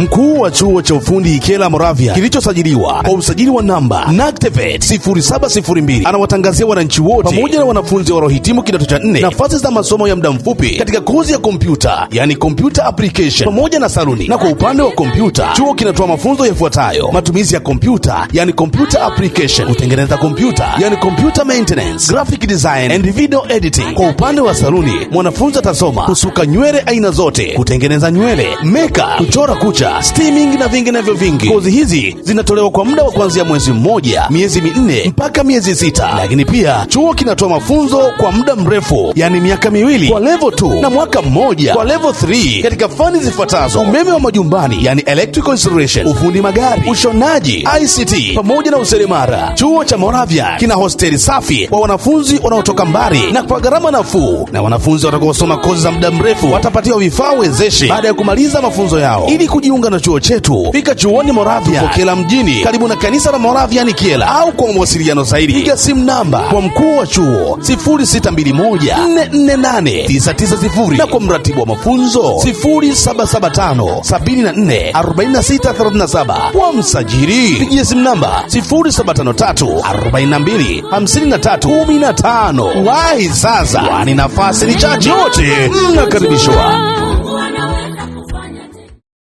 mkuu wa chuo cha ufundi Ikela Moravia kilichosajiliwa kwa usajili wa namba NACTVET 0702 e e anawatangazia wananchi wote pamoja na wanafunzi rohitimu kidato cha nne nafasi za masomo ya muda mfupi katika kozi ya kompyuta, yani computer application pamoja na saluni. Na kwa upande wa kompyuta, chuo kinatoa mafunzo yafuatayo: matumizi ya kompyuta, yani computer application, kutengeneza kompyuta, yani computer maintenance, graphic design and video editing. Kwa upande wa saluni, mwanafunzi atasoma kusuka nywele aina zote, kutengeneza nywele, meka, kuchora kucha stiming steaming na vinginevyo vingi. Kozi hizi zinatolewa kwa muda wa kuanzia mwezi mmoja, miezi minne mpaka miezi sita, lakini pia chuo kinatoa mafunzo kwa muda mrefu, yani miaka miwili kwa level 2 na mwaka mmoja kwa level 3 katika fani zifuatazo: umeme wa majumbani, yani electrical installation, ufundi magari, ushonaji, ICT pamoja na useremara. Chuo cha Moravia kina hosteli safi kwa wanafunzi wanaotoka mbali na kwa gharama nafuu, na wanafunzi watakaosoma kozi za muda mrefu watapatiwa vifaa wezeshi baada ya kumaliza mafunzo yao ili kujiunga kujiunga na chuo chetu, fika chuoni Moravia Kyela mjini karibu na kanisa la moravia ni kiela au kwa mawasiliano zaidi piga simu namba kwa mkuu wa chuo 0621448990 na kwa mratibu wa mafunzo 0775744637 kwa msajili pigia simu namba 0753425315. Wahi sasa, kwani nafasi ni chache. Wote mnakaribishwa.